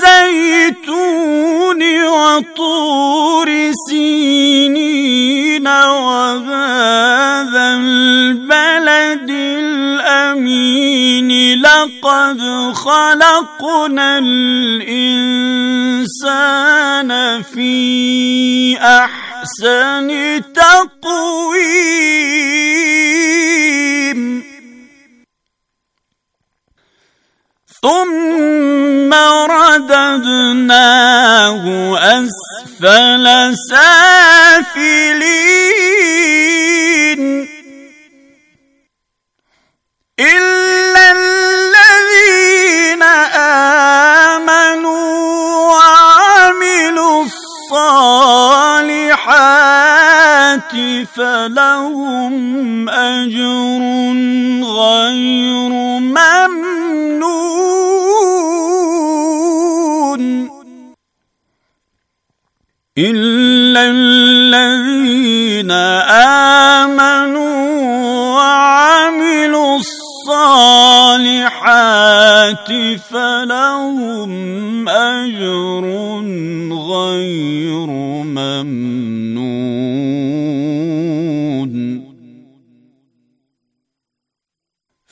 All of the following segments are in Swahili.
والزيتون وطور سينين وهذا البلد الأمين لقد خلقنا الإنسان في أحسن تقويم ثم رددناه اسفل سافلين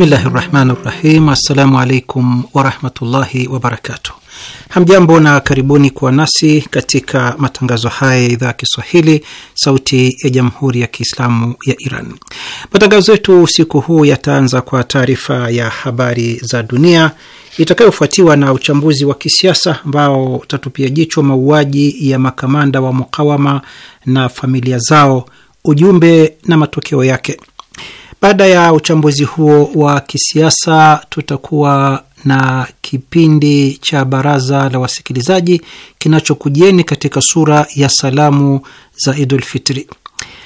Bismillahi rahmani rahim. Assalamu alaikum warahmatullahi wabarakatuh. Hamjambo na karibuni kuwa nasi katika matangazo haya ya idhaa ya Kiswahili, Sauti ya Jamhuri ya Kiislamu ya Iran. Matangazo yetu usiku huu yataanza kwa taarifa ya habari za dunia itakayofuatiwa na uchambuzi wa kisiasa ambao utatupia jicho mauaji ya makamanda wa mukawama na familia zao, ujumbe na matokeo yake. Baada ya uchambuzi huo wa kisiasa, tutakuwa na kipindi cha baraza la wasikilizaji kinachokujieni katika sura ya salamu za Idul Fitri.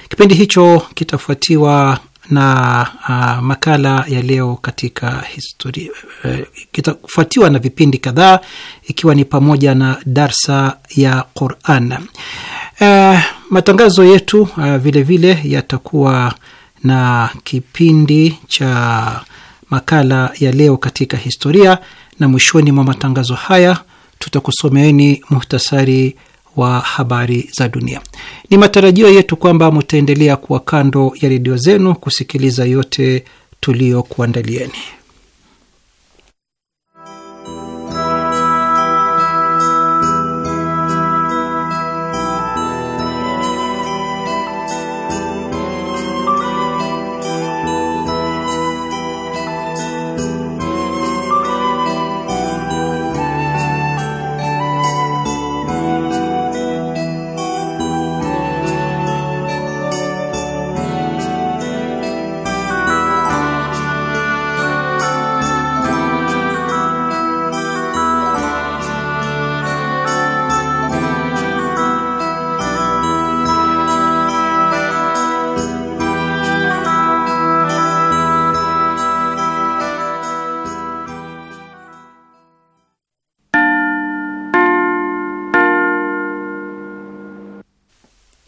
Kipindi hicho kitafuatiwa na uh, makala ya leo katika historia uh, eh, kitafuatiwa na vipindi kadhaa ikiwa ni pamoja na darsa ya Quran. Uh, matangazo yetu uh, vilevile yatakuwa na kipindi cha makala ya leo katika historia, na mwishoni mwa matangazo haya tutakusomeeni muhtasari wa habari za dunia. Ni matarajio yetu kwamba mutaendelea kuwa kando ya redio zenu kusikiliza yote tuliyokuandalieni.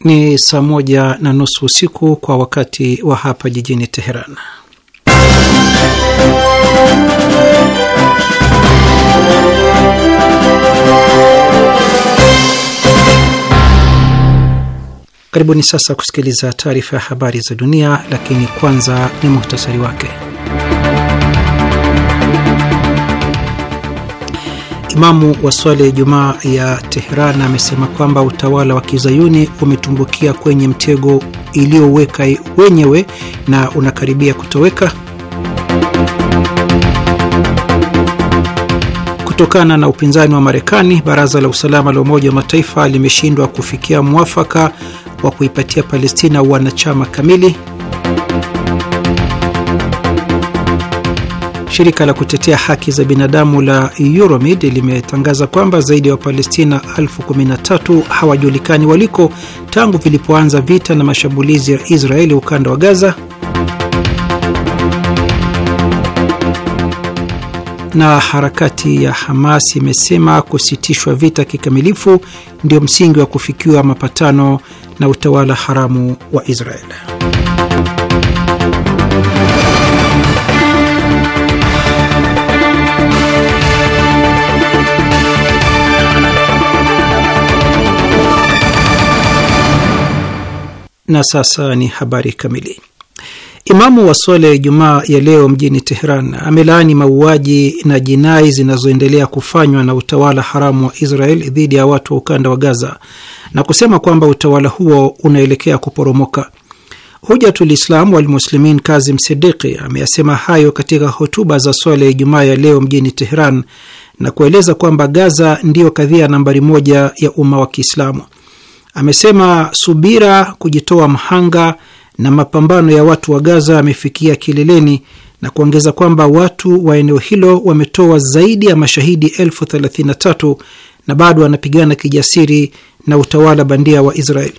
Ni saa moja na nusu usiku kwa wakati wa hapa jijini Teheran. Karibuni sasa kusikiliza taarifa ya habari za dunia, lakini kwanza ni muhtasari wake. Imamu wa swala ya Ijumaa ya Teheran amesema kwamba utawala wa kizayuni umetumbukia kwenye mtego iliyoweka wenyewe na unakaribia kutoweka. Kutokana na upinzani wa Marekani, baraza la usalama la Umoja wa Mataifa limeshindwa kufikia mwafaka wa kuipatia Palestina wanachama kamili. Shirika la kutetea haki za binadamu la Euromed limetangaza kwamba zaidi ya wa Wapalestina elfu kumi na tatu hawajulikani waliko tangu vilipoanza vita na mashambulizi ya Israeli ukanda wa Gaza. Na harakati ya Hamas imesema kusitishwa vita kikamilifu ndio msingi wa kufikiwa mapatano na utawala haramu wa Israeli. Na sasa ni habari kamili. Imamu wa swala ya Ijumaa ya leo mjini Teheran amelaani mauaji na jinai zinazoendelea kufanywa na utawala haramu wa Israel dhidi ya watu wa ukanda wa Gaza na kusema kwamba utawala huo unaelekea kuporomoka. Hujatulislam Walmuslimin Kazim Sidiki ameyasema hayo katika hotuba za swala ya Ijumaa ya leo mjini Teheran na kueleza kwamba Gaza ndiyo kadhia nambari moja ya umma wa Kiislamu amesema subira, kujitoa mhanga na mapambano ya watu wa Gaza yamefikia kileleni na kuongeza kwamba watu wa eneo hilo wametoa zaidi ya mashahidi elfu thelathini na tatu na bado wanapigana kijasiri na utawala bandia wa Israel.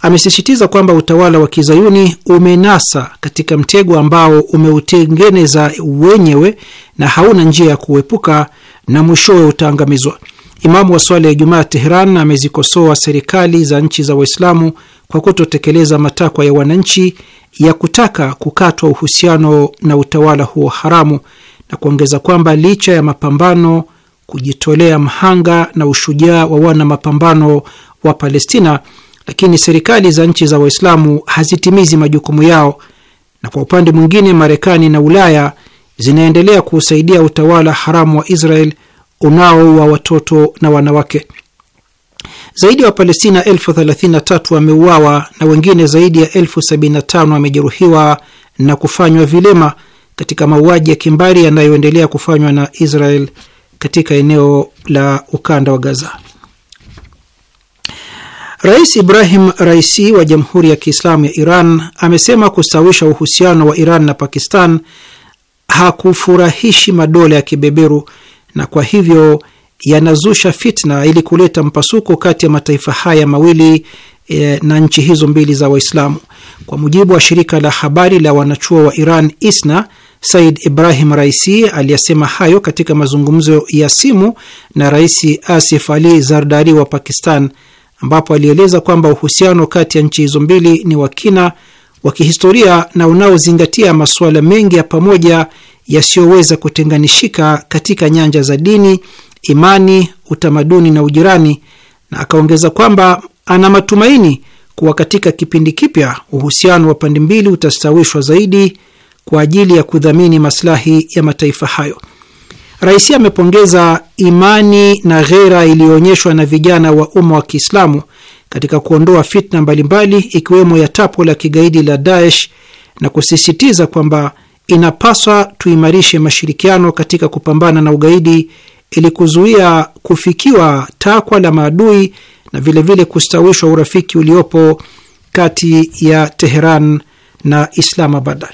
Amesisitiza kwamba utawala wa kizayuni umenasa katika mtego ambao umeutengeneza wenyewe na hauna njia ya kuepuka, na mwishowe utaangamizwa. Imamu wa swala ya Ijumaa ya Teheran amezikosoa serikali za nchi za Waislamu kwa kutotekeleza matakwa ya wananchi ya kutaka kukatwa uhusiano na utawala huo haramu na kuongeza kwamba licha ya mapambano, kujitolea mhanga na ushujaa wa wana mapambano wa Palestina, lakini serikali za nchi za Waislamu hazitimizi majukumu yao, na kwa upande mwingine Marekani na Ulaya zinaendelea kuusaidia utawala haramu wa Israel unaoua watoto na wanawake. Zaidi ya Wapalestina elfu 33 wameuawa na wengine zaidi ya elfu 75 wamejeruhiwa na kufanywa vilema katika mauaji ya kimbari yanayoendelea kufanywa na Israel katika eneo la ukanda wa Gaza. Rais Ibrahim Raisi wa Jamhuri ya Kiislamu ya Iran amesema kustawisha uhusiano wa Iran na Pakistan hakufurahishi madola ya kibeberu na kwa hivyo yanazusha fitna ili kuleta mpasuko kati ya mataifa haya mawili e, na nchi hizo mbili za Waislamu. Kwa mujibu wa shirika la habari la wanachuo wa Iran ISNA, Said Ibrahim Raisi aliyasema hayo katika mazungumzo ya simu na Rais Asif Ali Zardari wa Pakistan, ambapo alieleza kwamba uhusiano kati ya nchi hizo mbili ni wa kina, wa kihistoria na unaozingatia masuala mengi ya pamoja yasiyoweza kutenganishika katika nyanja za dini, imani, utamaduni na ujirani, na akaongeza kwamba ana matumaini kuwa katika kipindi kipya uhusiano wa pande mbili utastawishwa zaidi kwa ajili ya kudhamini maslahi ya mataifa hayo. Raisi amepongeza imani na ghera iliyoonyeshwa na vijana wa umma wa Kiislamu katika kuondoa fitna mbalimbali ikiwemo ya tapo la kigaidi la Daesh na kusisitiza kwamba inapaswa tuimarishe mashirikiano katika kupambana na ugaidi ili kuzuia kufikiwa takwa la maadui na vilevile vile kustawishwa urafiki uliopo kati ya Teheran na Islamabad.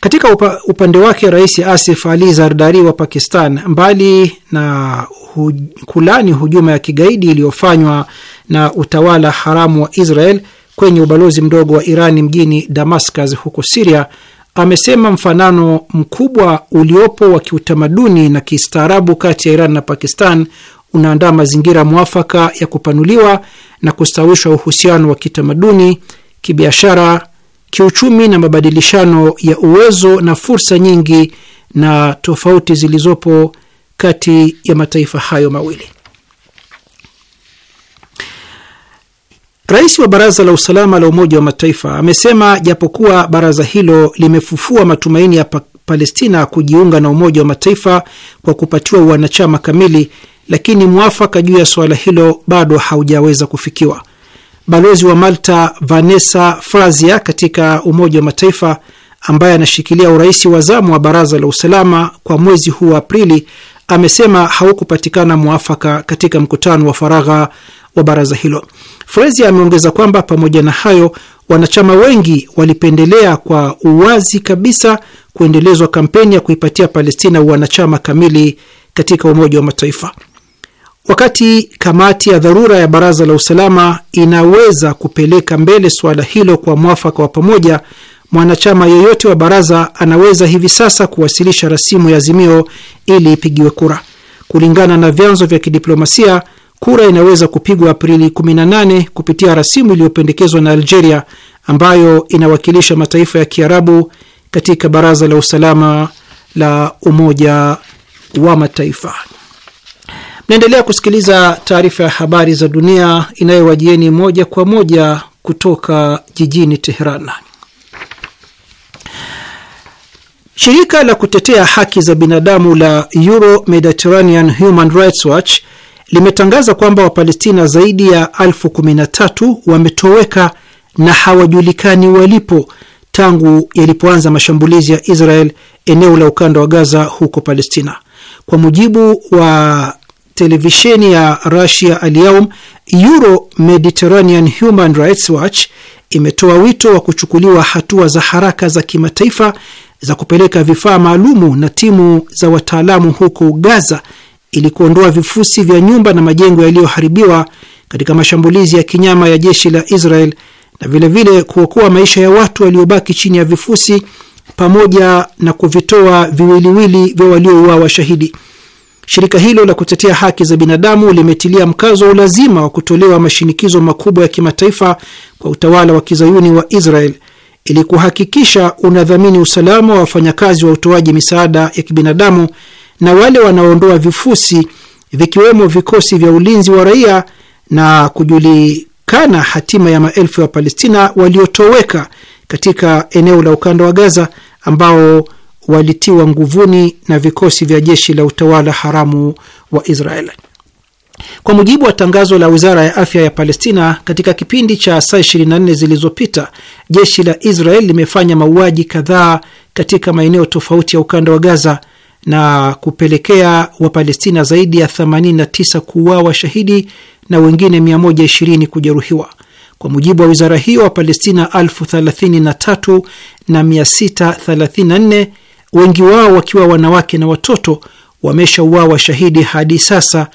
Katika upa, upande wake Rais Asif Ali Zardari wa Pakistan, mbali na hu, kulani hujuma ya kigaidi iliyofanywa na utawala haramu wa Israel kwenye ubalozi mdogo wa Irani mjini Damascus huko Siria, amesema mfanano mkubwa uliopo wa kiutamaduni na kistaarabu kati ya Iran na Pakistan unaandaa mazingira mwafaka ya kupanuliwa na kustawishwa uhusiano wa kitamaduni, kibiashara, kiuchumi na mabadilishano ya uwezo na fursa nyingi na tofauti zilizopo kati ya mataifa hayo mawili. Rais wa Baraza la Usalama la Umoja wa Mataifa amesema japokuwa baraza hilo limefufua matumaini ya pa Palestina kujiunga na Umoja wa Mataifa kwa kupatiwa wanachama kamili, lakini mwafaka juu ya suala hilo bado haujaweza kufikiwa. Balozi wa Malta Vanessa Frazia katika Umoja wa Mataifa ambaye anashikilia urais wa zamu wa Baraza la Usalama kwa mwezi huu wa Aprili amesema haukupatikana mwafaka katika mkutano wa faragha wa baraza hilo. Frezia ameongeza kwamba pamoja na hayo, wanachama wengi walipendelea kwa uwazi kabisa kuendelezwa kampeni ya kuipatia Palestina wanachama kamili katika Umoja wa Mataifa. Wakati kamati ya dharura ya baraza la usalama inaweza kupeleka mbele suala hilo kwa mwafaka wa pamoja, mwanachama yeyote wa baraza anaweza hivi sasa kuwasilisha rasimu ya azimio ili ipigiwe kura. Kulingana na vyanzo vya kidiplomasia, Kura inaweza kupigwa Aprili 18 kupitia rasimu iliyopendekezwa na Algeria ambayo inawakilisha mataifa ya Kiarabu katika Baraza la Usalama la Umoja wa Mataifa. Mnaendelea kusikiliza taarifa ya habari za dunia inayowajieni moja kwa moja kutoka jijini Teheran. Shirika la kutetea haki za binadamu la Euro Mediterranean Human Rights Watch limetangaza kwamba Wapalestina zaidi ya elfu kumi na tatu wametoweka na hawajulikani walipo tangu yalipoanza mashambulizi ya Israel eneo la ukanda wa Gaza huko Palestina. Kwa mujibu wa televisheni ya Russia Alyaum, Euro Mediterranean Human Rights Watch imetoa wito wa kuchukuliwa hatua za haraka za kimataifa za kupeleka vifaa maalumu na timu za wataalamu huko Gaza ili kuondoa vifusi vya nyumba na majengo yaliyoharibiwa katika mashambulizi ya kinyama ya jeshi la Israel na vilevile kuokoa maisha ya watu waliobaki chini ya vifusi pamoja na kuvitoa viwiliwili vya waliouawa washahidi. Shirika hilo la kutetea haki za binadamu limetilia mkazo ulazima wa kutolewa mashinikizo makubwa ya kimataifa kwa utawala wa kizayuni wa Israel ili kuhakikisha unadhamini usalama wa wafanyakazi wa utoaji misaada ya kibinadamu na wale wanaoondoa vifusi vikiwemo vikosi vya ulinzi wa raia na kujulikana hatima ya maelfu ya Wapalestina waliotoweka katika eneo la ukanda wa Gaza ambao walitiwa nguvuni na vikosi vya jeshi la utawala haramu wa Israel. Kwa mujibu wa tangazo la wizara ya afya ya Palestina, katika kipindi cha saa 24 zilizopita, jeshi la Israel limefanya mauaji kadhaa katika maeneo tofauti ya ukanda wa Gaza na kupelekea Wapalestina zaidi ya 89 kuuawa shahidi na wengine 120 kujeruhiwa. Kwa mujibu wa wizara hiyo, Wapalestina 33 na 634 wengi wao wakiwa wanawake na watoto wameshauawa shahidi hadi sasa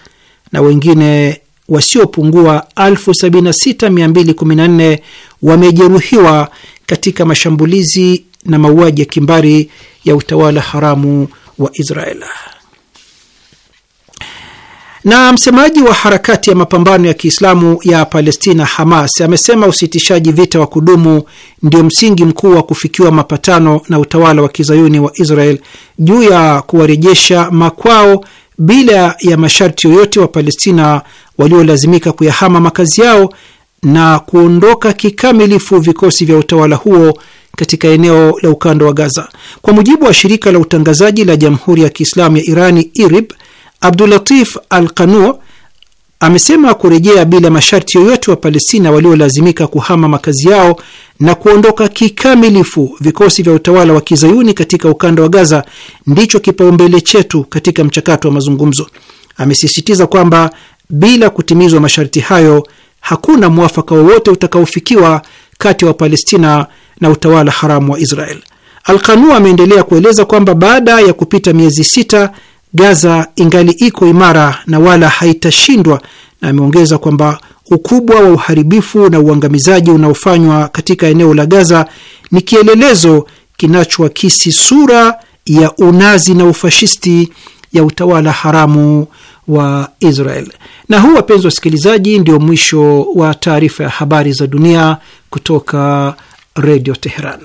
na wengine wasiopungua 76214 wamejeruhiwa katika mashambulizi na mauaji ya kimbari ya utawala haramu wa Israel. Na msemaji wa harakati ya mapambano ya Kiislamu ya Palestina Hamas amesema usitishaji vita wa kudumu ndio msingi mkuu wa kufikiwa mapatano na utawala wa Kizayuni wa Israel juu ya kuwarejesha makwao bila ya masharti yoyote wa Palestina waliolazimika kuyahama makazi yao na kuondoka kikamilifu vikosi vya utawala huo katika eneo la ukanda wa Gaza. Kwa mujibu wa shirika la utangazaji la Jamhuri ya Kiislamu ya Irani, IRIB, Abdulatif Al-Qanu amesema kurejea bila masharti yoyote wa Palestina waliolazimika kuhama makazi yao na kuondoka kikamilifu vikosi vya utawala wa kizayuni katika ukanda wa Gaza ndicho kipaumbele chetu katika mchakato wa mazungumzo. Amesisitiza kwamba bila kutimizwa masharti hayo hakuna mwafaka wowote utakaofikiwa kati ya Wapalestina na utawala haramu wa Israel. Alkanu ameendelea kueleza kwamba baada ya kupita miezi sita, Gaza ingali iko imara na wala haitashindwa, na ameongeza kwamba ukubwa wa uharibifu na uangamizaji unaofanywa katika eneo la Gaza ni kielelezo kinachoakisi sura ya unazi na ufashisti ya utawala haramu wa Israel. Na huu, wapenzi wa wasikilizaji, ndio mwisho wa taarifa ya habari za dunia kutoka Redio Teheran.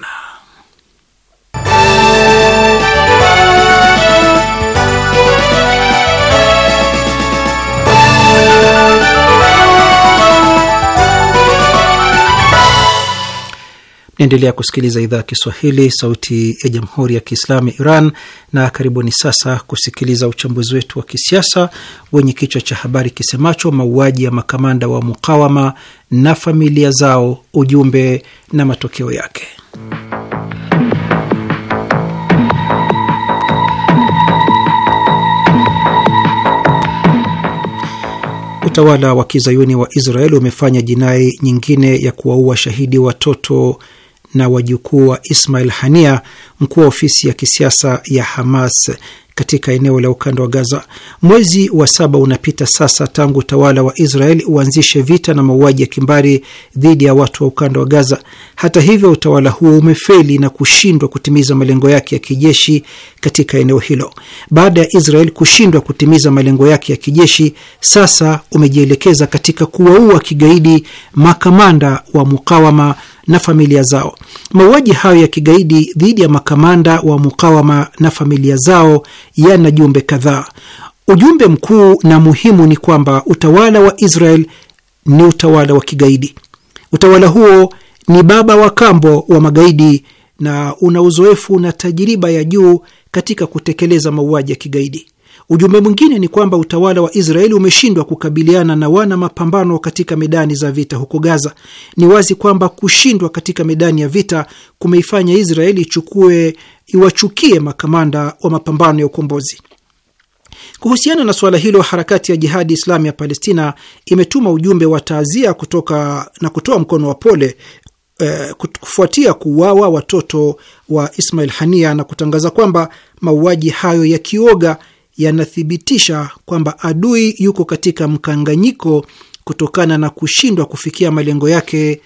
Naendelea kusikiliza idhaa ya Kiswahili, sauti ya jamhuri ya kiislamu ya Iran, na karibuni sasa kusikiliza uchambuzi wetu wa kisiasa wenye kichwa cha habari kisemacho mauaji ya makamanda wa mukawama na familia zao, ujumbe na matokeo yake. Utawala wa kizayuni wa Israeli umefanya jinai nyingine ya kuwaua shahidi watoto na wajukuu wa Ismail Hania, mkuu wa ofisi ya kisiasa ya Hamas katika eneo la ukanda wa Gaza. Mwezi wa saba unapita sasa tangu utawala wa Israel uanzishe vita na mauaji ya kimbari dhidi ya watu wa ukanda wa Gaza. Hata hivyo, utawala huo umefeli na kushindwa kutimiza malengo yake ya kijeshi katika eneo hilo. Baada ya Israel kushindwa kutimiza malengo yake ya kijeshi, sasa umejielekeza katika kuwaua kigaidi makamanda wa mukawama na familia zao. Mauaji hayo ya kigaidi dhidi ya makamanda wa mukawama na familia zao yana jumbe kadhaa. Ujumbe mkuu na muhimu ni kwamba utawala wa Israel ni utawala wa kigaidi. Utawala huo ni baba wa kambo wa magaidi na una uzoefu na tajiriba ya juu katika kutekeleza mauaji ya kigaidi. Ujumbe mwingine ni kwamba utawala wa Israeli umeshindwa kukabiliana na wana mapambano katika medani za vita huko Gaza. Ni wazi kwamba kushindwa katika medani ya vita kumeifanya Israeli ichukue iwachukie makamanda wa mapambano ya ukombozi. Kuhusiana na suala hilo, harakati ya Jihadi Islami ya Palestina imetuma ujumbe wa taazia kutoka na kutoa mkono wa pole eh, kufuatia kuuawa watoto wa Ismail Hania na kutangaza kwamba mauaji hayo ya kioga yanathibitisha kwamba adui yuko katika mkanganyiko kutokana na kushindwa kufikia malengo yake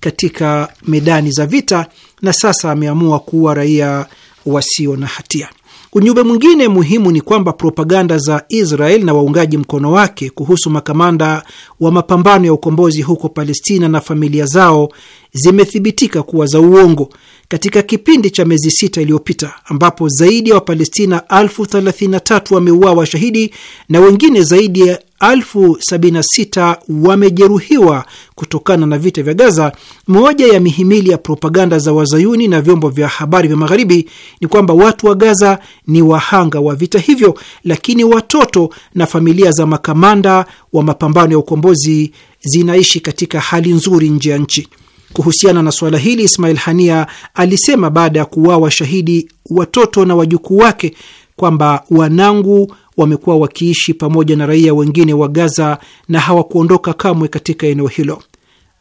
katika medani za vita, na sasa ameamua kuua raia wasio na hatia. Ujumbe mwingine muhimu ni kwamba propaganda za Israel na waungaji mkono wake kuhusu makamanda wa mapambano ya ukombozi huko Palestina na familia zao zimethibitika kuwa za uongo katika kipindi cha miezi sita iliyopita, ambapo zaidi ya wa Wapalestina elfu 33 wameuawa shahidi na wengine zaidi ya elfu 76 wamejeruhiwa kutokana na vita vya Gaza. Moja ya mihimili ya propaganda za wazayuni na vyombo vya habari vya magharibi ni kwamba watu wa Gaza ni wahanga wa vita hivyo, lakini watoto na familia za makamanda wa mapambano ya ukombozi zinaishi katika hali nzuri nje ya nchi. Kuhusiana na suala hili, Ismail Hania alisema baada ya kuuawa shahidi watoto na wajukuu wake kwamba wanangu wamekuwa wakiishi pamoja na raia wengine wa Gaza na hawakuondoka kamwe katika eneo hilo.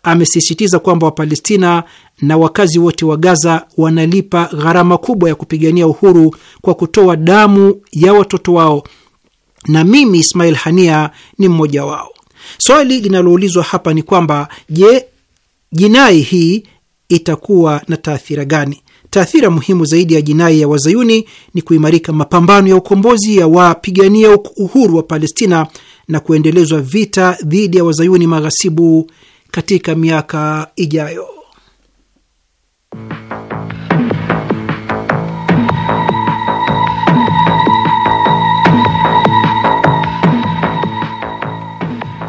Amesisitiza kwamba Wapalestina na wakazi wote wa Gaza wanalipa gharama kubwa ya kupigania uhuru kwa kutoa damu ya watoto wao, na mimi Ismail Hania ni mmoja wao. Swali linaloulizwa hapa ni kwamba je, jinai hii itakuwa na taathira gani? Taathira muhimu zaidi ya jinai ya wazayuni ni kuimarika mapambano ya ukombozi ya wapigania uhuru wa Palestina na kuendelezwa vita dhidi ya wazayuni maghasibu katika miaka ijayo.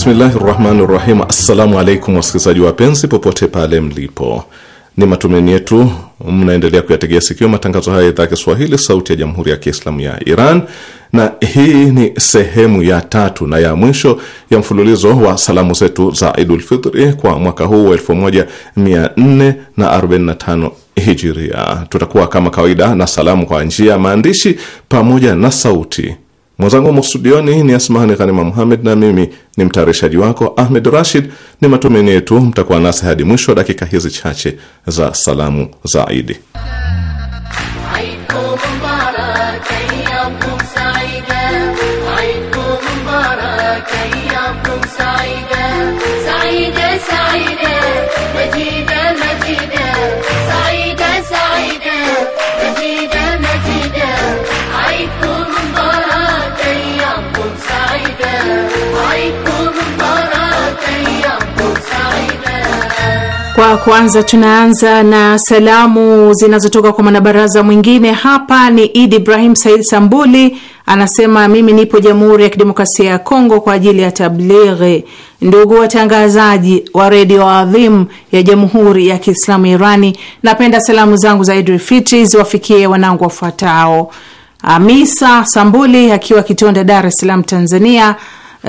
Bismillahi rahmani rahim. Assalamu alaikum wasikilizaji wapenzi, popote pale mlipo, ni matumaini yetu mnaendelea kuyategea sikio matangazo haya ya idhaa Kiswahili sauti ya jamhuri ya Kiislamu ya Iran, na hii ni sehemu ya tatu na ya mwisho ya mfululizo wa salamu zetu za Idul Fitri kwa mwaka huu wa 1445 Hijiria. Tutakuwa kama kawaida na salamu kwa njia ya maandishi pamoja na sauti Mwenzangu humu studioni ni Asmahani Ghanima Muhamed na mimi ni mtayarishaji wako Ahmed Rashid. Ni matumaini yetu mtakuwa nasi hadi mwisho wa dakika hizi chache za salamu za Idi. Kwa kwanza tunaanza na salamu zinazotoka kwa mwanabaraza mwingine hapa. Ni Idi Ibrahim Said Sambuli anasema, mimi nipo Jamhuri ya Kidemokrasia ya Kongo kwa ajili ya tablighi. Ndugu watangazaji wa redio adhimu ya Jamhuri ya Kiislamu Irani, napenda salamu zangu za Idul Fitri ziwafikie wanangu wafuatao: Amisa Sambuli akiwa Kitonda, Dar es Salaam, Tanzania;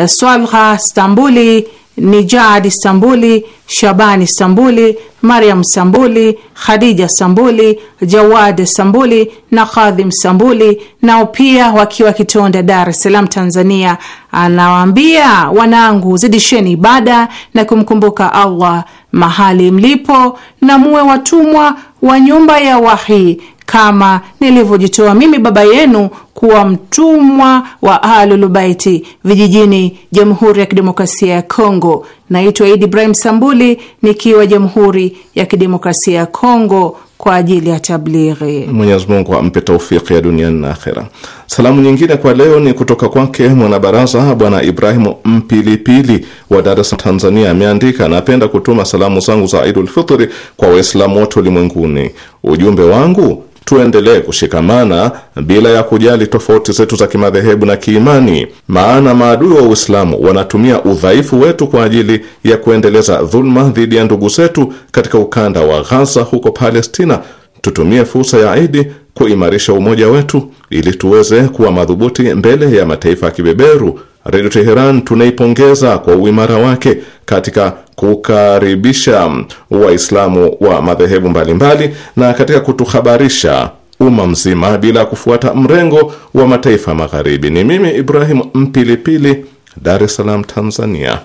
Swalha Stambuli ni Jaadi Stambuli, Shabani Stambuli, Mariam Stambuli, Khadija Stambuli, Jawad Stambuli na Kadhim Stambuli, nao pia wakiwa Kitonda, Dar es Salaam, Tanzania. Anawaambia wanangu, zidisheni ibada na kumkumbuka Allah mahali mlipo na muwe watumwa wa nyumba ya wahi kama nilivyojitoa mimi baba yenu kuwa mtumwa wa alulubaiti vijijini Jamhuri ya Kidemokrasia ya Kongo. Naitwa Idi Ibrahim Sambuli nikiwa Jamhuri ya Kidemokrasia ya Kongo kwa ajili ya tablighi. Mwenyezi Mungu ampe taufiki ya duniani na akhera. Salamu nyingine kwa leo ni kutoka kwake mwanabaraza Bwana Ibrahimu Mpilipili wa Dar es Salaam, Tanzania. Ameandika, napenda kutuma salamu zangu za Idulfitri kwa Waislamu wote ulimwenguni. Ujumbe wangu tuendelee kushikamana bila ya kujali tofauti zetu za kimadhehebu na kiimani, maana maadui wa Uislamu wanatumia udhaifu wetu kwa ajili ya kuendeleza dhuluma dhidi ya ndugu zetu katika ukanda wa Ghaza huko Palestina tutumie fursa ya Idi kuimarisha umoja wetu ili tuweze kuwa madhubuti mbele ya mataifa ya kibeberu. Redio Teheran tunaipongeza kwa uimara wake katika kukaribisha Waislamu wa, madhehebu mbalimbali na katika kutuhabarisha umma mzima bila kufuata mrengo wa mataifa magharibi. Ni mimi Ibrahim Mpilipili, Dar es Salaam, Tanzania.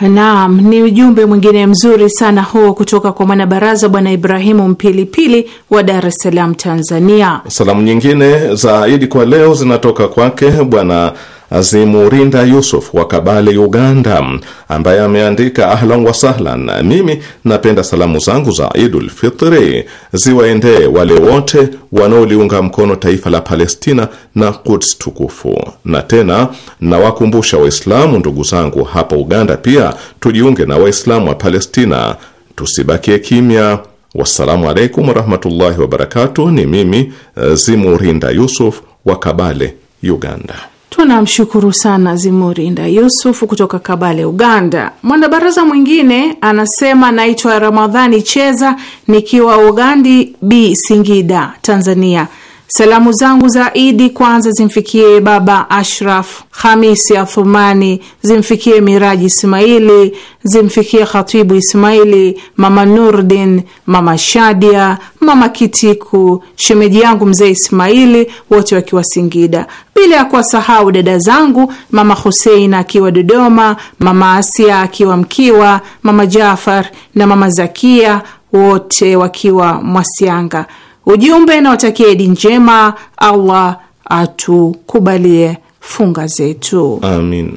Naam, ni ujumbe mwingine mzuri sana huo kutoka kwa mwanabaraza Bwana Ibrahimu Mpilipili wa Dar es Salaam, Tanzania. Salamu nyingine za Idi kwa leo zinatoka kwake Bwana Azimurinda Yusuf wa Kabale, Uganda, ambaye ameandika ahlan wa sahlan, mimi napenda salamu zangu za Idul Fitri ziwaendee wale wote wanaoliunga mkono taifa la Palestina na Quds tukufu. Na tena nawakumbusha Waislamu ndugu zangu hapa Uganda pia tujiunge na Waislamu wa Palestina, tusibakie kimya. Wassalamu alaikum warahmatullahi wabarakatuh. Ni mimi Zimurinda Yusuf wa Kabale, Uganda. Tunamshukuru sana Zimurinda Yusufu kutoka Kabale, Uganda. Mwanabaraza mwingine anasema, naitwa Ramadhani Cheza nikiwa Ugandi B, Singida, Tanzania. Salamu zangu za Idi kwanza zimfikie baba Ashraf Hamisi Athumani, zimfikie Miraji Ismaili, zimfikie Khatibu Ismaili, mama Nurdin, mama Shadia, mama Kitiku, shemeji yangu mzee Ismaili, wote wakiwa Singida, bila ya kuwasahau dada zangu mama Husein akiwa Dodoma, mama Asia akiwa Mkiwa, mama Jafar na mama Zakia, wote wakiwa Mwasianga. Ujumbe na watakia Idi njema, Allah atukubalie funga zetu, amin.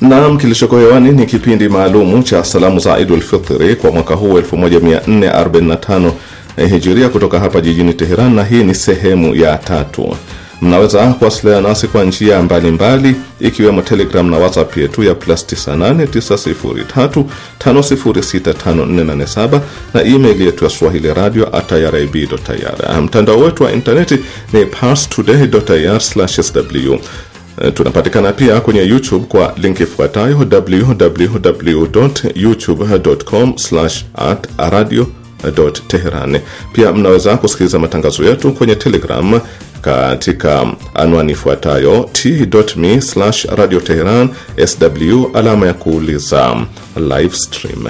Naam, kilichoko hewani ni kipindi maalumu cha salamu za Idul Fitri kwa mwaka huu 1445 eh, Hijiria kutoka hapa jijini Teheran, na hii ni sehemu ya tatu. Mnaweza kuwasiliana nasi kwa njia mbalimbali ikiwemo Telegram na WhatsApp yetu ya plus 989035065487 na email yetu ya swahili radio at irib.ir. Mtandao wetu wa intaneti ni parstoday.ir/sw. Eh, tunapatikana pia kwenye YouTube kwa linki ifuatayo wwwyoutubecom radioteherani Pia mnaweza kusikiliza matangazo yetu kwenye Telegram katika anwani ifuatayo t.me radio teheran sw alama ya kuuliza live stream.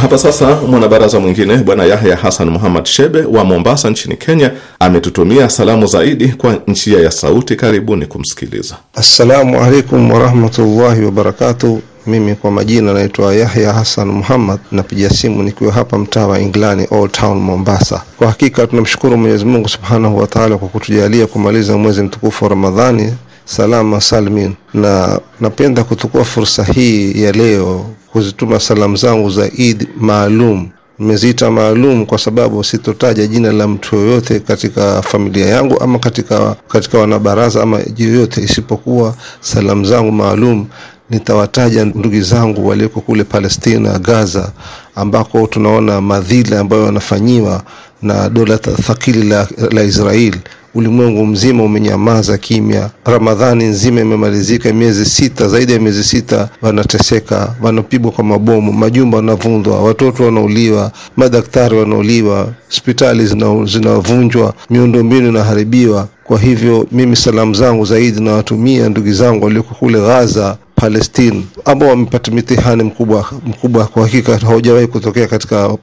Hapa sasa mwanabaraza mwingine Bwana Yahya Hassan Muhammad Shebe wa Mombasa nchini Kenya ametutumia salamu zaidi kwa njia ya sauti. Karibuni kumsikiliza. Assalamu alaikum warahmatullahi wabarakatu. Mimi kwa majina naitwa Yahya Hassan Muhammad, napiga simu nikiwa hapa mtaa wa England Old Town Mombasa. Kwa hakika tunamshukuru Mwenyezi Mungu Subhanahu wataala kwa kutujalia kumaliza mwezi mtukufu wa Ramadhani salama salmin, na napenda kuchukua fursa hii ya leo kuzituma salamu zangu za Eid maalum. Nimeziita maalum kwa sababu sitotaja jina la mtu yoyote katika familia yangu ama katika, katika wanabaraza ama yoyote, isipokuwa salamu zangu maalum nitawataja ndugu zangu walioko kule Palestina, Gaza, ambako tunaona madhila ambayo wanafanyiwa na dola thakili la, la Israeli ulimwengu mzima umenyamaza kimya. Ramadhani nzima imemalizika, miezi sita, zaidi ya miezi sita, wanateseka, wanapigwa kwa mabomu, majumba wanavundwa, watoto wanauliwa, madaktari wanauliwa, hospitali zinavunjwa, zina miundombinu inaharibiwa. Kwa hivyo mimi salamu zangu zaidi nawatumia ndugu zangu walioko kule Gaza Palestine ambao wamepata mitihani mkubwa mkubwa, kwa hakika haujawahi kutokea katika uh,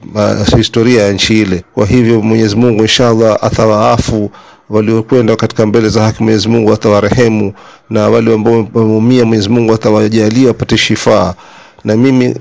historia ya nchi ile. Kwa hivyo Mwenyezi Mungu inshallah atawaafu waliokwenda katika mbele za haki Mwenyezi Mungu atawarehemu na wale ambao wameumia Mwenyezi Mungu atawajalia wapate shifaa na mimi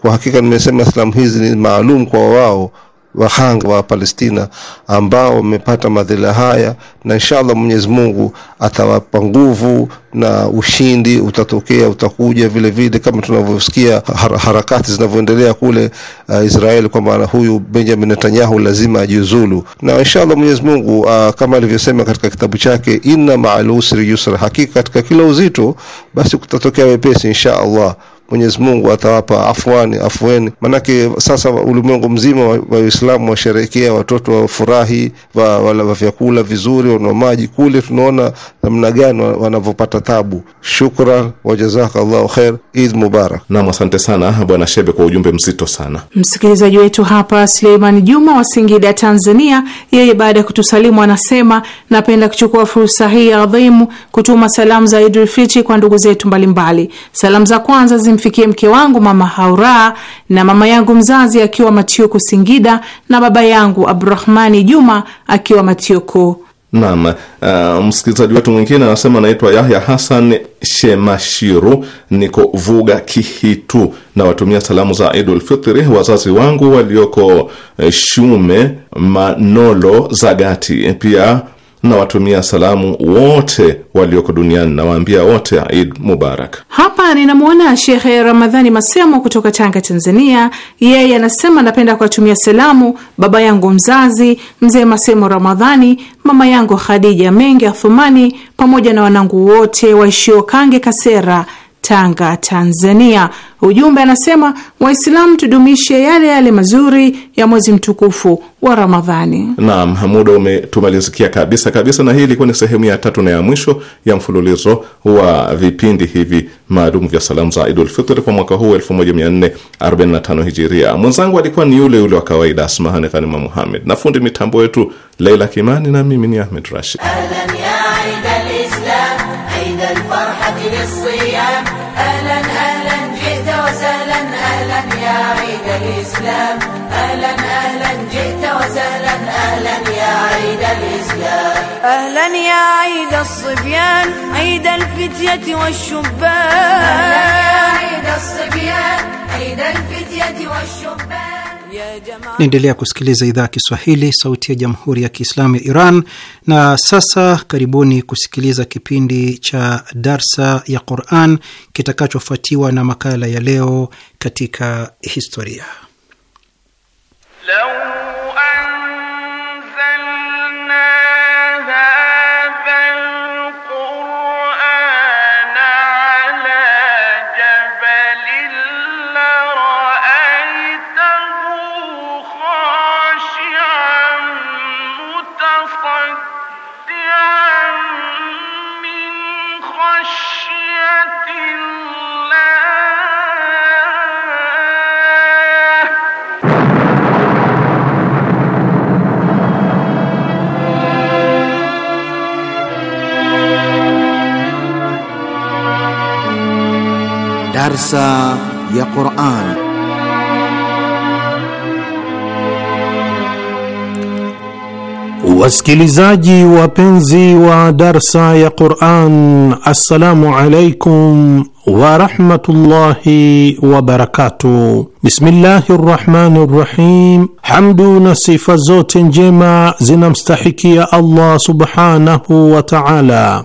kwa hakika nimesema salamu hizi ni maalum kwa wao wahanga wa Palestina ambao wamepata madhila haya, na inshallah Mwenyezi Mungu atawapa nguvu na ushindi utatokea, utakuja vile vile, kama tunavyosikia har harakati zinavyoendelea kule uh, Israel kwamba huyu Benjamin Netanyahu lazima ajiuzulu, na inshallah Mwenyezi Mungu uh, kama alivyosema katika kitabu chake, inna ma'al usri yusra, hakika katika kila uzito basi kutatokea wepesi insha Allah. Mwenyezi Mungu atawapa afwani afueni. Manake sasa ulimwengu mzima wa Uislamu washerekea, watoto wafurahi, wa, wala wa vyakula vizuri, wanwa maji. Kule tunaona namna gani wanavyopata tabu. Shukran wa jazakallahu khair. Eid mubarak. Naam, asante sana Bwana Shebe kwa ujumbe mzito sana. Msikilizaji wetu hapa Suleiman Juma wa Singida, Tanzania, yeye baada ya kutusalimu anasema, napenda kuchukua fursa hii adhimu kutuma salamu za Idul Fitri kwa ndugu zetu mbalimbali. Salamu za kwanza zim nimfikie mke wangu mama Haura na mama yangu mzazi akiwa Matioko Singida na baba yangu Abdurahmani Juma akiwa Matioko. Naam. Uh, msikilizaji wetu mwingine anasema anaitwa Yahya Hasan Shemashiru, niko Vuga Kihitu, na watumia salamu za Idul Fitri wazazi wangu walioko eh, Shume Manolo Zagati, pia Nawatumia salamu wote walioko duniani, nawaambia wote aid Mubarak. Hapa ninamwona Shekhe Ramadhani Masemo kutoka Tanga, Tanzania. Yeye anasema napenda kuwatumia salamu baba yangu mzazi mzee Masemo Ramadhani, mama yangu Khadija mengi Athumani, pamoja na wanangu wote waishio Kange Kasera Tanga, Tanzania. Ujumbe anasema Waislamu tudumishe yale yale mazuri ya mwezi mtukufu wa Ramadhani. Naam, muda umetumalizikia kabisa kabisa, na hii ilikuwa ni sehemu ya tatu na ya mwisho ya mfululizo wa vipindi hivi maalum vya salamu za Idul Fitri kwa mwaka huu 1445 Hijiria. Mwenzangu alikuwa ni yule yule wa kawaida Asmahani Ghanima Muhamed, na fundi mitambo yetu leila Kimani, na mimi ni Ahmed Rashid. عيد الصيام أهلا أهلا جئت وسهلا أهلا يا عيد الإسلام أهلا أهلا جئت وسهلا أهلا يا عيد الإسلام أهلا يا عيد الصبيان عيد الفتية والشبان أهلا يا عيد الصبيان عيد الفتية والشبان Naendelea kusikiliza idhaa ya Kiswahili, sauti ya jamhuri ya kiislamu ya Iran. Na sasa karibuni kusikiliza kipindi cha darsa ya Quran kitakachofuatiwa na makala ya leo katika historia Hello. هرسا يا قرآن Wasikilizaji wapenzi wa darsa ya Quran, assalamu alaikum wa wabarakatuh. Bismillahi rrahmani rrahim. Hamdu na sifa zote njema zinamstahikia Allah subhanahu wa taala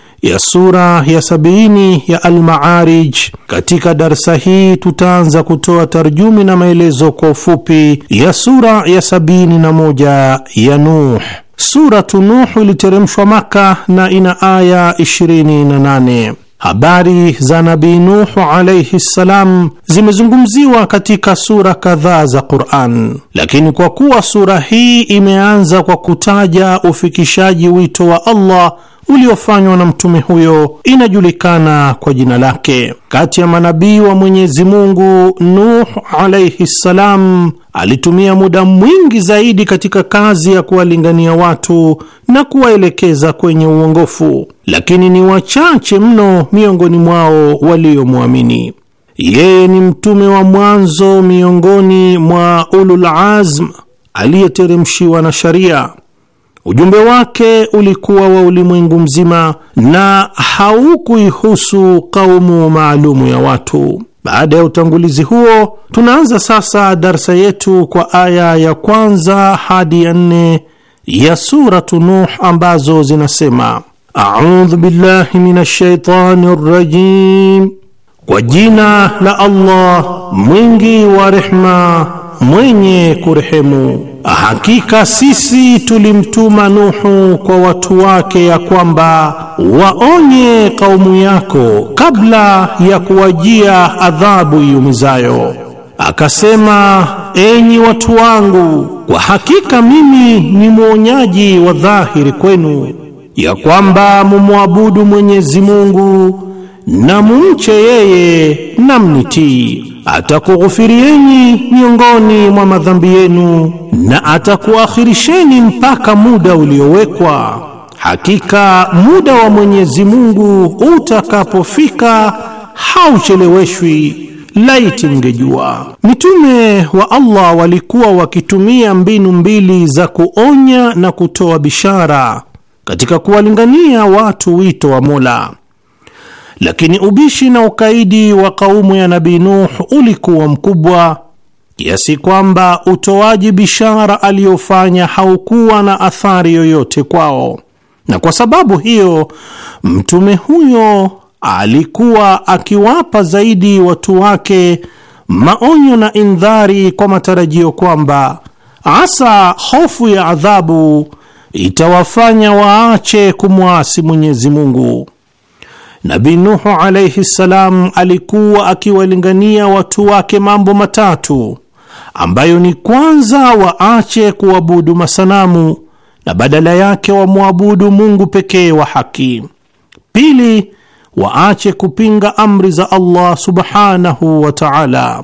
ya sura ya sabini ya Almaarij. Katika darsa hii tutaanza kutoa tarjumi na maelezo kwa ufupi ya sura ya sabini na moja ya Nuh. Suratu Nuh iliteremshwa Maka na ina aya 28. Habari za Nabii Nuhu alayhi ssalam zimezungumziwa katika sura kadhaa za Quran, lakini kwa kuwa sura hii imeanza kwa kutaja ufikishaji wito wa Allah uliofanywa na mtume huyo inajulikana kwa jina lake. Kati ya manabii wa Mwenyezi Mungu, Nuh alaihi ssalam alitumia muda mwingi zaidi katika kazi ya kuwalingania watu na kuwaelekeza kwenye uongofu, lakini ni wachache mno miongoni mwao waliomwamini. Yeye ni mtume wa mwanzo miongoni mwa ulul azm aliyeteremshiwa na sharia Ujumbe wake ulikuwa wa ulimwengu mzima na haukuihusu kaumu maalumu ya watu. Baada ya utangulizi huo, tunaanza sasa darsa yetu kwa aya ya kwanza hadi ya nne ya Suratu Nuh ambazo zinasema: audhu billahi minash shaitani rajim, kwa jina la Allah mwingi wa rehma mwenye kurehemu. Hakika sisi tulimtuma Nuhu kwa watu wake ya kwamba waonye kaumu yako kabla ya kuwajia adhabu iumizayo. Akasema, enyi watu wangu, kwa hakika mimi ni mwonyaji wa dhahiri kwenu, ya kwamba mumwabudu Mwenyezi Mungu na mumche yeye na mnitii, atakughufirieni miongoni mwa madhambi yenu na atakuakhirisheni mpaka muda uliowekwa. Hakika muda wa Mwenyezi Mungu utakapofika haucheleweshwi. Laiti mngejua. Mitume wa Allah walikuwa wakitumia mbinu mbili za kuonya na kutoa bishara katika kuwalingania watu wito wa Mola. Lakini ubishi na ukaidi wa kaumu ya Nabii Nuh ulikuwa mkubwa kiasi kwamba utoaji bishara aliyofanya haukuwa na athari yoyote kwao, na kwa sababu hiyo mtume huyo alikuwa akiwapa zaidi watu wake maonyo na indhari kwa matarajio kwamba asa hofu ya adhabu itawafanya waache kumwasi Mwenyezi Mungu nabi Nuhu alaihi ssalam alikuwa akiwalingania watu wake mambo matatu ambayo ni kwanza, waache kuabudu masanamu na badala yake wamwabudu Mungu pekee wa haki; pili, waache kupinga amri za Allah subhanahu wa ta'ala;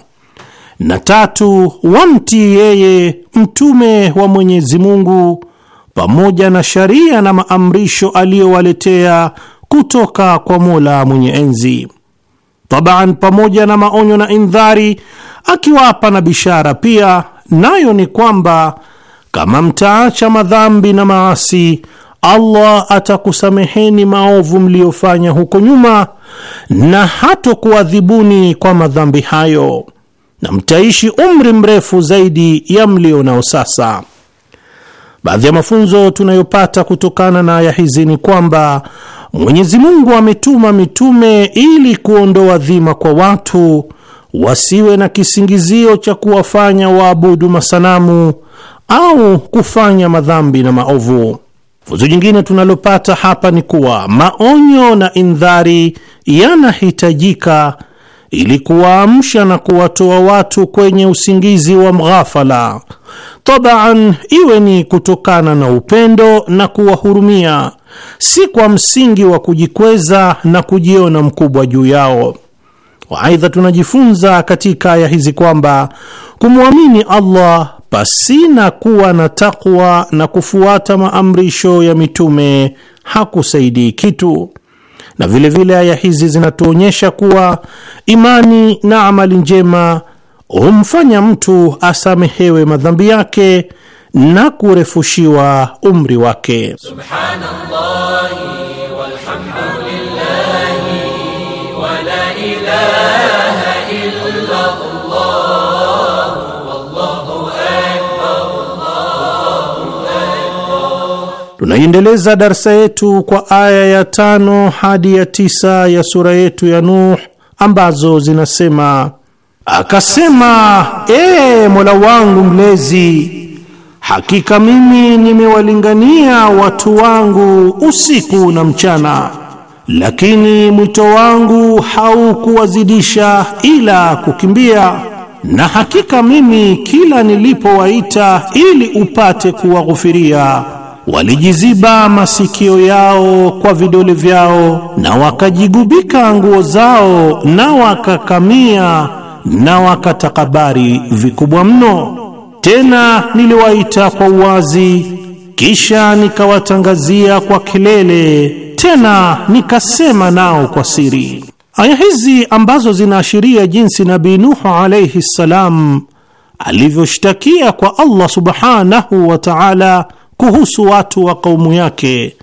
na tatu, wamtii yeye mtume wa Mwenyezi Mungu pamoja na sharia na maamrisho aliyowaletea kutoka kwa Mola mwenye enzi. Tabaan, pamoja na maonyo na indhari, akiwapa na bishara pia, nayo ni kwamba kama mtaacha madhambi na maasi, Allah atakusameheni maovu mliyofanya huko nyuma na hatokuadhibuni kwa madhambi hayo, na mtaishi umri mrefu zaidi ya mlio nao sasa. Baadhi ya mafunzo tunayopata kutokana na aya hizi ni kwamba Mwenyezi Mungu ametuma mitume ili kuondoa dhima kwa watu wasiwe na kisingizio cha kuwafanya waabudu masanamu au kufanya madhambi na maovu. Funzo jingine tunalopata hapa ni kuwa maonyo na indhari yanahitajika ili kuwaamsha na kuwatoa watu kwenye usingizi wa mghafala, tabaan, iwe ni kutokana na upendo na kuwahurumia si kwa msingi wa kujikweza na kujiona mkubwa juu yao. Waaidha, tunajifunza katika aya hizi kwamba kumwamini Allah pasina kuwa na takwa na kufuata maamrisho ya mitume hakusaidii kitu, na vilevile aya hizi zinatuonyesha kuwa imani na amali njema humfanya mtu asamehewe madhambi yake na kurefushiwa umri wake. Subhanallah Tunaiendeleza darsa yetu kwa aya ya tano hadi ya tisa ya sura yetu ya Nuh ambazo zinasema: akasema, ee Mola wangu mlezi Hakika mimi nimewalingania watu wangu usiku na mchana, lakini mwito wangu haukuwazidisha ila kukimbia. Na hakika mimi kila nilipowaita ili upate kuwaghufiria, walijiziba masikio yao kwa vidole vyao, na wakajigubika nguo zao, na wakakamia, na wakatakabari vikubwa mno. Tena niliwaita kwa uwazi, kisha nikawatangazia kwa kelele, tena nikasema nao kwa siri. Aya hizi ambazo zinaashiria jinsi Nabii Nuhu alayhi ssalam alivyoshtakia kwa Allah subhanahu wa ta'ala kuhusu watu wa kaumu yake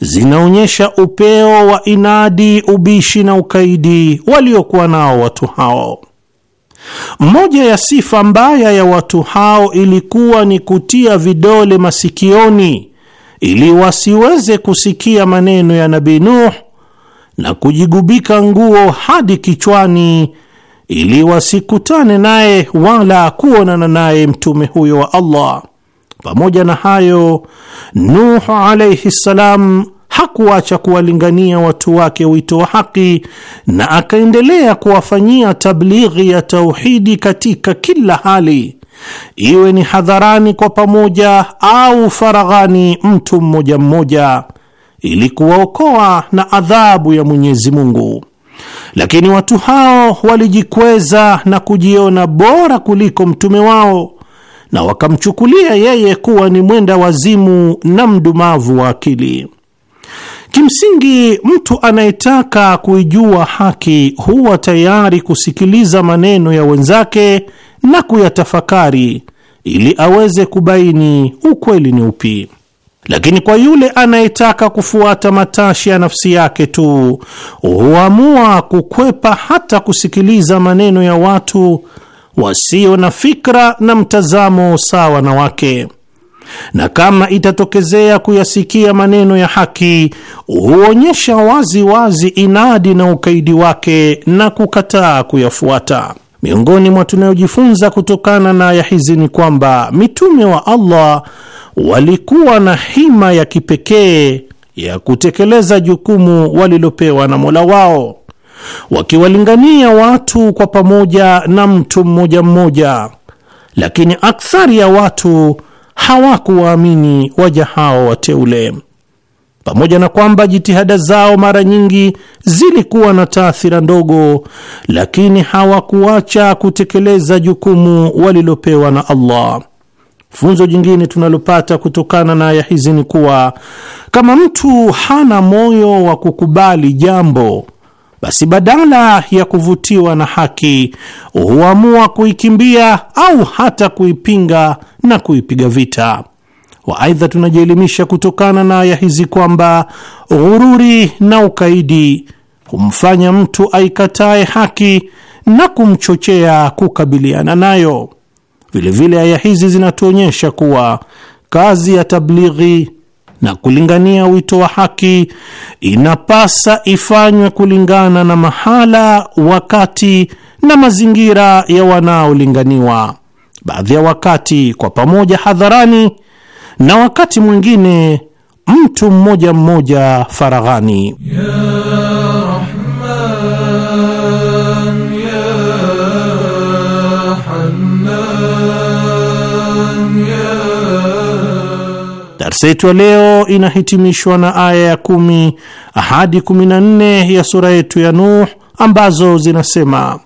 zinaonyesha upeo wa inadi, ubishi na ukaidi waliokuwa nao watu hao. Moja ya sifa mbaya ya watu hao ilikuwa ni kutia vidole masikioni ili wasiweze kusikia maneno ya Nabii Nuh na kujigubika nguo hadi kichwani ili wasikutane naye wala kuonana naye mtume huyo wa Allah. Pamoja na hayo, Nuh alayhi salam hakuacha kuwalingania watu wake wito wa haki na akaendelea kuwafanyia tablighi ya tauhidi katika kila hali, iwe ni hadharani kwa pamoja au faraghani, mtu mmoja mmoja, ili kuwaokoa na adhabu ya Mwenyezi Mungu. Lakini watu hao walijikweza na kujiona bora kuliko mtume wao na wakamchukulia yeye kuwa ni mwenda wazimu na mdumavu wa akili. Kimsingi, mtu anayetaka kuijua haki huwa tayari kusikiliza maneno ya wenzake na kuyatafakari ili aweze kubaini ukweli ni upi. Lakini kwa yule anayetaka kufuata matashi ya nafsi yake tu, huamua kukwepa hata kusikiliza maneno ya watu wasio na fikra na mtazamo sawa na wake na kama itatokezea kuyasikia maneno ya haki huonyesha wazi wazi inadi na ukaidi wake na kukataa kuyafuata. Miongoni mwa tunayojifunza kutokana na aya hizi ni kwamba mitume wa Allah walikuwa na hima ya kipekee ya kutekeleza jukumu walilopewa na Mola wao, wakiwalingania watu kwa pamoja na mtu mmoja mmoja, lakini akthari ya watu hawakuwaamini waja hao wateule, pamoja na kwamba jitihada zao mara nyingi zilikuwa na taathira ndogo, lakini hawakuacha kutekeleza jukumu walilopewa na Allah. Funzo jingine tunalopata kutokana na aya hizi ni kuwa kama mtu hana moyo wa kukubali jambo basi badala ya kuvutiwa na haki huamua kuikimbia au hata kuipinga na kuipiga vita. Waaidha, tunajielimisha kutokana na aya hizi kwamba ghururi na ukaidi humfanya mtu aikatae haki na kumchochea kukabiliana nayo. Vilevile aya hizi zinatuonyesha kuwa kazi ya tablighi na kulingania wito wa haki inapasa ifanywe kulingana na mahala, wakati na mazingira ya wanaolinganiwa, baadhi ya wakati kwa pamoja hadharani, na wakati mwingine mtu mmoja mmoja faraghani yeah. Darsa yetu ya leo inahitimishwa na aya ya kumi hadi kumi na nne ya sura yetu ya Nuh ambazo zinasema: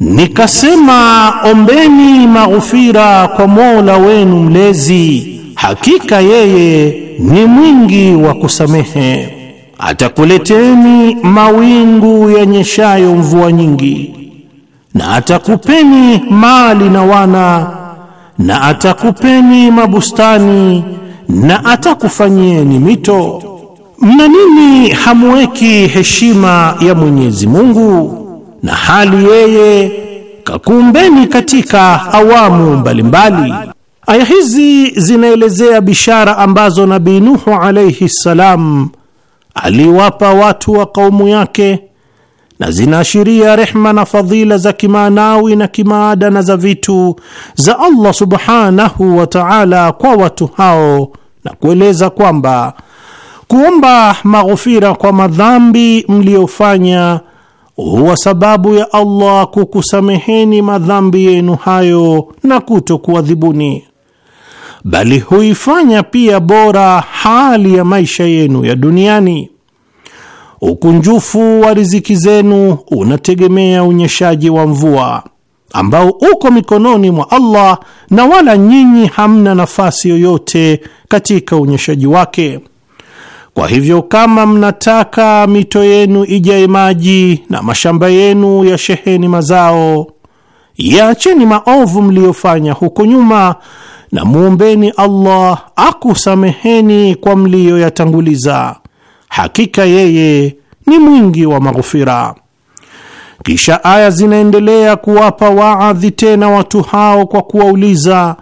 nikasema ombeni maghfira kwa Mola wenu mlezi, hakika yeye ni mwingi wa kusamehe, atakuleteni mawingu yanyeshayo mvua nyingi, na atakupeni mali na wana, na atakupeni mabustani na atakufanyieni mito. Mna nini hamweki heshima ya Mwenyezi Mungu, na hali yeye kakuumbeni katika awamu mbalimbali. Aya hizi zinaelezea bishara ambazo Nabii Nuhu alayhi salam aliwapa watu wa kaumu yake na zinaashiria rehma na fadhila za kimaanawi na kimaada na za vitu za Allah subhanahu wa ta'ala kwa watu hao, na kueleza kwamba kuomba maghfira kwa madhambi mliyofanya huwa sababu ya Allah kukusameheni madhambi yenu hayo na kutokuadhibuni, bali huifanya pia bora hali ya maisha yenu ya duniani ukunjufu wa riziki zenu unategemea unyeshaji wa mvua ambao uko mikononi mwa Allah na wala nyinyi hamna nafasi yoyote katika unyeshaji wake. Kwa hivyo, kama mnataka mito yenu ijae maji na mashamba yenu ya sheheni mazao, yaacheni maovu mliyofanya huko nyuma na mwombeni Allah akusameheni kwa mliyoyatanguliza hakika yeye ni mwingi wa maghufira. Kisha aya zinaendelea kuwapa waadhi tena watu hao kwa kuwauliza,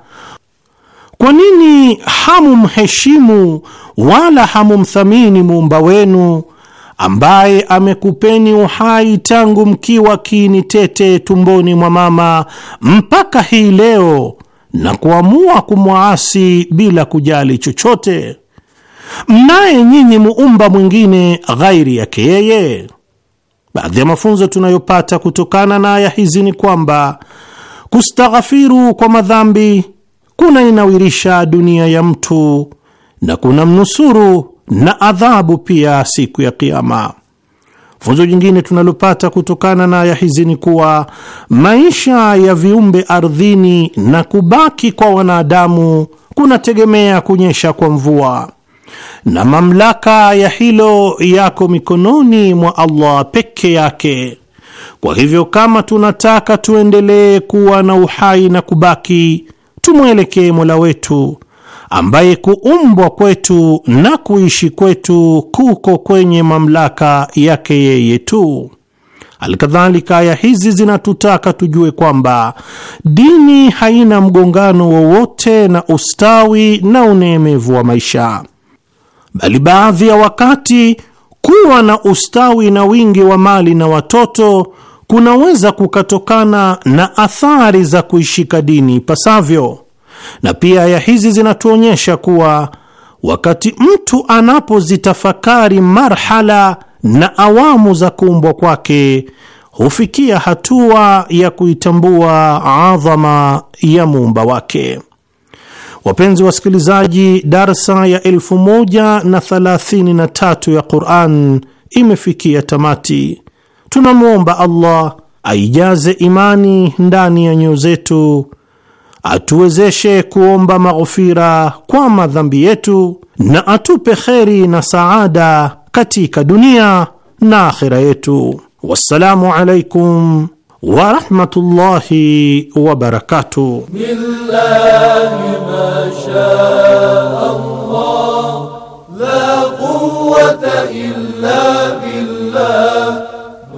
kwa nini hamumheshimu wala hamumthamini muumba wenu ambaye amekupeni uhai tangu mkiwa kiini tete tumboni mwa mama mpaka hii leo na kuamua kumwaasi bila kujali chochote? mnaye nyinyi muumba mwingine ghairi yake yeye? Baadhi ya mafunzo tunayopata kutokana na aya hizi ni kwamba kustaghafiru kwa madhambi kunainawirisha dunia ya mtu na kuna mnusuru na adhabu pia siku ya Kiama. Funzo jingine tunalopata kutokana na aya hizi ni kuwa maisha ya viumbe ardhini na kubaki kwa wanadamu kunategemea kunyesha kwa mvua na mamlaka ya hilo yako mikononi mwa Allah peke yake. Kwa hivyo, kama tunataka tuendelee kuwa na uhai na kubaki, tumwelekee Mola wetu ambaye kuumbwa kwetu na kuishi kwetu kuko kwenye mamlaka yake yeye tu. Alkadhalika, aya hizi zinatutaka tujue kwamba dini haina mgongano wowote na ustawi na unemevu wa maisha bali baadhi ya wakati kuwa na ustawi na wingi wa mali na watoto kunaweza kukatokana na athari za kuishika dini ipasavyo. Na pia aya hizi zinatuonyesha kuwa wakati mtu anapozitafakari marhala na awamu za kuumbwa kwake hufikia hatua ya kuitambua adhama ya muumba wake. Wapenzi wasikilizaji, darsa ya elfu moja na thalathini na tatu ya Quran imefikia tamati. Tunamwomba Allah aijaze imani ndani ya nyoyo zetu, atuwezeshe kuomba maghfira kwa madhambi yetu, na atupe kheri na saada katika dunia na akhira yetu. Wassalamu alaikum ورحمة الله وبركاته بالله ما شاء الله لا قوة إلا بالله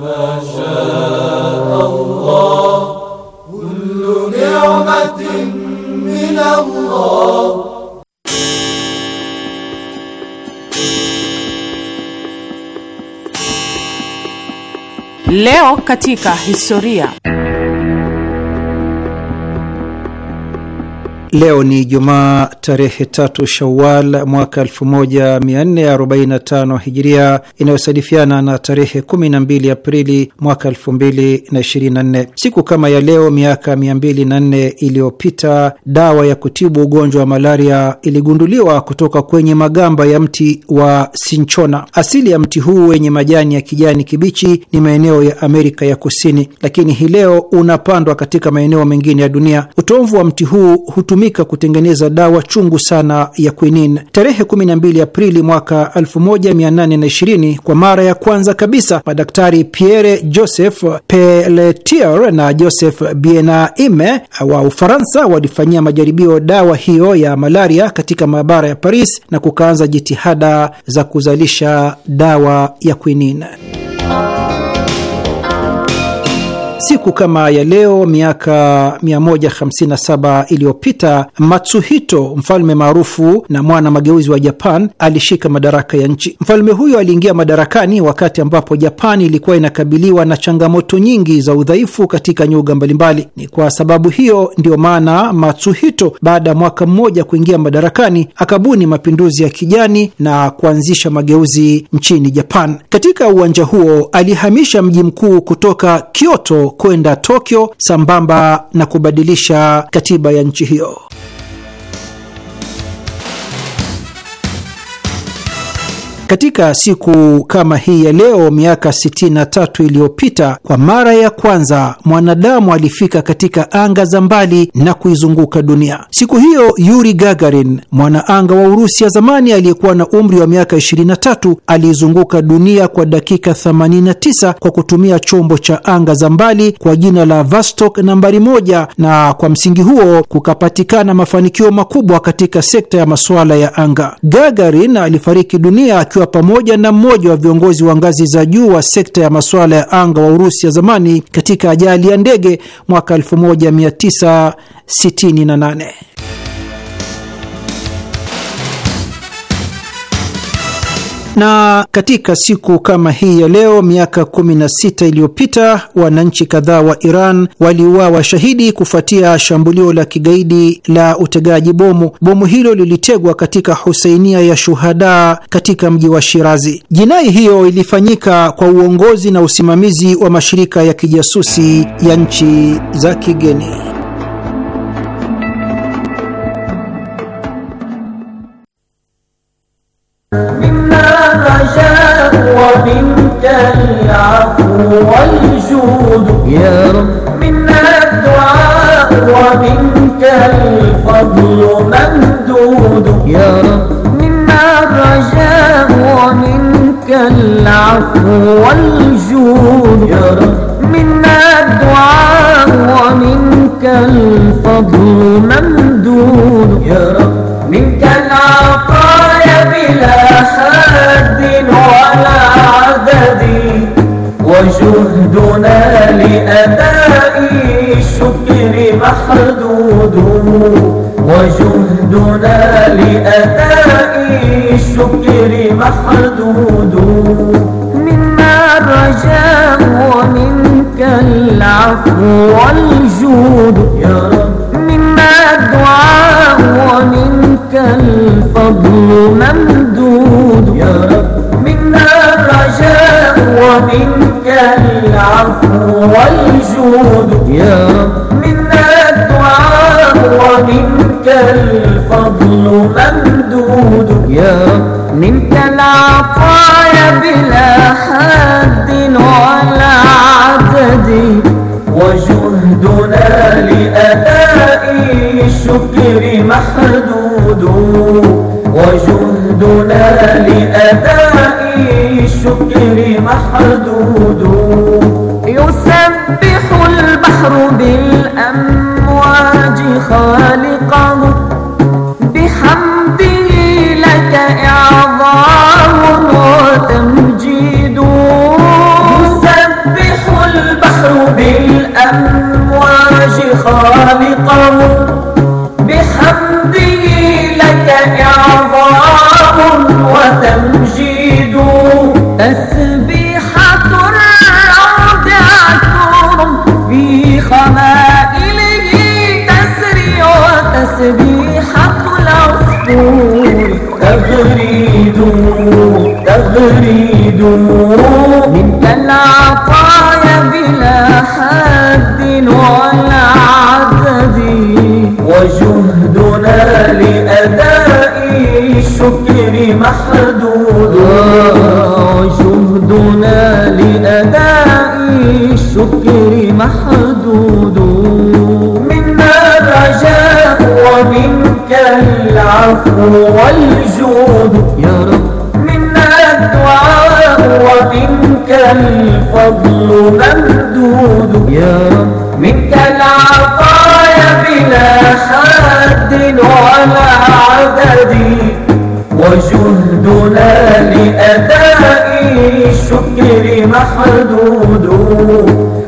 ما شاء الله كل نعمة من الله Leo katika historia Leo ni Jumaa tarehe tatu Shawal mwaka 1445 Hijiria, inayosadifiana na tarehe 12 Aprili mwaka 2024. Siku kama ya leo miaka 204 iliyopita dawa ya kutibu ugonjwa wa malaria iligunduliwa kutoka kwenye magamba ya mti wa Sinchona. Asili ya mti huu wenye majani ya kijani kibichi ni maeneo ya Amerika ya Kusini, lakini hii leo unapandwa katika maeneo mengine ya dunia. Utomvu wa mti huu hutumika ilitumika kutengeneza dawa chungu sana ya quinin. Tarehe 12 Aprili mwaka 1820, kwa mara ya kwanza kabisa madaktari Pierre Joseph Pelletier na Joseph Bienaime wa Ufaransa walifanyia majaribio dawa hiyo ya malaria katika maabara ya Paris na kukaanza jitihada za kuzalisha dawa ya quinin. Siku kama ya leo miaka 157 iliyopita Matsuhito, mfalme maarufu na mwana mageuzi wa Japan, alishika madaraka ya nchi. Mfalme huyo aliingia madarakani wakati ambapo Japan ilikuwa inakabiliwa na changamoto nyingi za udhaifu katika nyuga mbalimbali. Ni kwa sababu hiyo ndiyo maana Matsuhito, baada ya mwaka mmoja kuingia madarakani, akabuni mapinduzi ya kijani na kuanzisha mageuzi nchini Japan. Katika uwanja huo alihamisha mji mkuu kutoka Kyoto kwenda Tokyo sambamba na kubadilisha katiba ya nchi hiyo. Katika siku kama hii ya leo miaka 63 iliyopita, kwa mara ya kwanza mwanadamu alifika katika anga za mbali na kuizunguka dunia. Siku hiyo Yuri Gagarin, mwanaanga wa Urusi ya zamani aliyekuwa na umri wa miaka 23, aliizunguka dunia kwa dakika 89 kwa kutumia chombo cha anga za mbali kwa jina la Vostok nambari moja, na kwa msingi huo kukapatikana mafanikio makubwa katika sekta ya masuala ya anga. Gagarin alifariki dunia akiwa akiwa pamoja na mmoja wa viongozi wa ngazi za juu wa sekta ya masuala ya anga wa Urusi ya zamani katika ajali ya ndege mwaka 1968. Na katika siku kama hii ya leo miaka 16 iliyopita wananchi kadhaa wa Iran waliuawa shahidi kufuatia shambulio la kigaidi la utegaji bomu. Bomu hilo lilitegwa katika husainia ya shuhada katika mji wa Shirazi. Jinai hiyo ilifanyika kwa uongozi na usimamizi wa mashirika ya kijasusi ya nchi za kigeni. الفحشاء ومنك العفو والجود يا رب منا الدعاء ومنك الفضل ممدود يا رب منا الرجاء ومنك العفو والجود يا رب منا الدعاء ومنك الفضل ممدود يا رب منك العطاء حد ولا عدد وجهدنا لأداء الشكر محدود وجهدنا لأداء الشكر محدود منا الرجاء ومنك العفو والجود يا رب منا الدعاء ومنك الفضل ممنون يا رب منا الرجاء ومنك العفو والجود يا رب منا الدعاء ومنك الفضل ممدود يا رب منك العطايا بلا حد ولا لأداء الشكر محدود يسبح البحر بالأمواج خالقه بحمده لك إعظام وتمجيد يسبح البحر بالأمواج خالقه منك العفو والجود يا رب منا الدعاء ومنك الفضل ممدود يا رب منك العطايا بلا حد ولا عدد وجهدنا لأداء الشكر محدود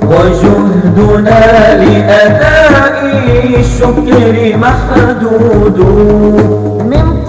وجهدنا لأداء الشكر محدود من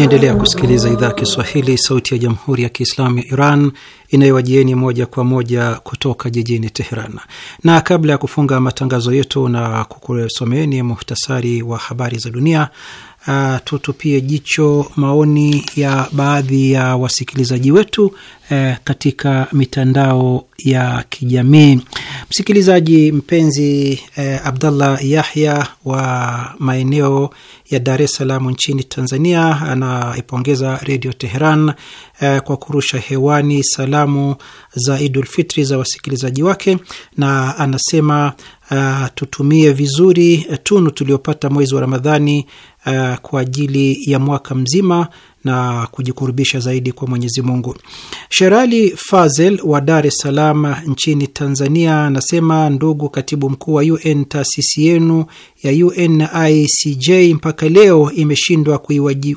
Naendelea kusikiliza idhaa ya Kiswahili, sauti ya jamhuri ya kiislamu ya Iran inayowajieni moja kwa moja kutoka jijini Teheran. Na kabla ya kufunga matangazo yetu na kukusomeeni muhtasari wa habari za dunia, uh, tutupie jicho maoni ya baadhi ya wasikilizaji wetu eh, katika mitandao ya kijamii. Msikilizaji mpenzi eh, Abdallah Yahya wa maeneo ya Dar es Salaam nchini Tanzania anaipongeza Redio Teheran eh, kwa kurusha hewani salamu za Idul Fitri za wasikilizaji wake, na anasema Uh, tutumie vizuri tunu tuliopata mwezi wa Ramadhani uh, kwa ajili ya mwaka mzima na kujikurubisha zaidi kwa Mwenyezi Mungu. Sherali Fazel wa Dar es Salaam nchini Tanzania anasema, ndugu katibu mkuu wa UN, taasisi yenu ya icj mpaka leo imeshindwa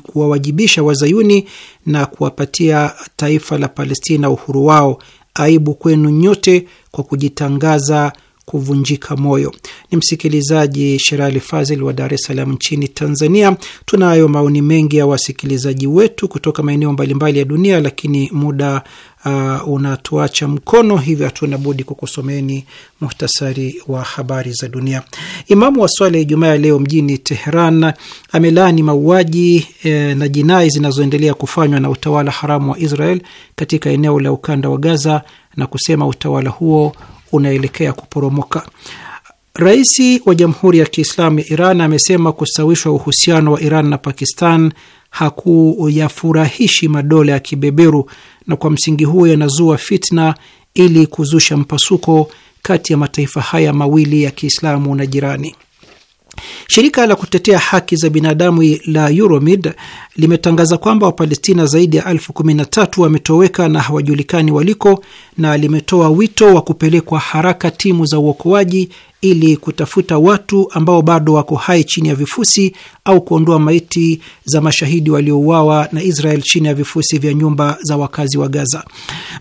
kuwawajibisha wazayuni na kuwapatia taifa la Palestina uhuru wao. Aibu kwenu nyote kwa kujitangaza kuvunjika moyo. Ni msikilizaji Sherali Fazil wa Dar es Salaam nchini Tanzania. Tunayo maoni mengi ya wasikilizaji wetu kutoka maeneo mbalimbali ya dunia, lakini muda uh, unatuacha mkono, hivyo hatuna budi kukusomeni muhtasari wa habari za dunia. Imamu wa swala ya Ijumaa ya leo mjini Teheran amelaani mauaji eh, na jinai zinazoendelea kufanywa na utawala haramu wa Israel katika eneo la ukanda wa Gaza na kusema utawala huo unaelekea kuporomoka. Rais wa Jamhuri ya Kiislamu ya Iran amesema kustawishwa uhusiano wa Iran na Pakistan hakuyafurahishi madola ya kibeberu na kwa msingi huo yanazua fitna ili kuzusha mpasuko kati ya mataifa haya mawili ya Kiislamu na jirani. Shirika la kutetea haki za binadamu la Euromid limetangaza kwamba Wapalestina zaidi ya elfu kumi na tatu wametoweka na hawajulikani waliko na limetoa wito wa kupelekwa haraka timu za uokoaji ili kutafuta watu ambao bado wako hai chini ya vifusi au kuondoa maiti za mashahidi waliouawa na Israel chini ya vifusi vya nyumba za wakazi wa Gaza.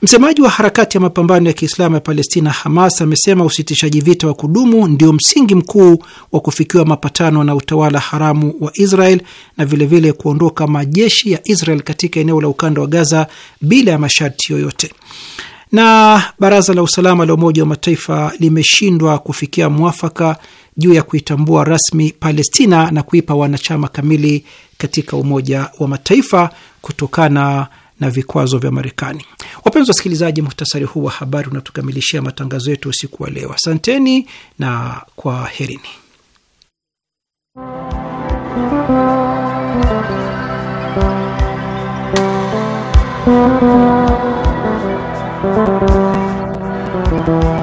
Msemaji wa harakati ya mapambano ya Kiislamu ya Palestina, Hamas, amesema usitishaji vita wa kudumu ndio msingi mkuu wa kufikiwa mapatano na utawala haramu wa Israel na vilevile vile kuondoka majeshi ya Israel katika eneo la ukanda wa Gaza bila ya masharti yoyote. Na baraza la usalama la Umoja wa Mataifa limeshindwa kufikia mwafaka juu ya kuitambua rasmi Palestina na kuipa wanachama kamili katika Umoja wa Mataifa kutokana na vikwazo vya Marekani. Wapenzi wasikilizaji, muhtasari huu wa habari unatukamilishia matangazo yetu usiku wa leo. Asanteni na kwa kwaherini. Thank you.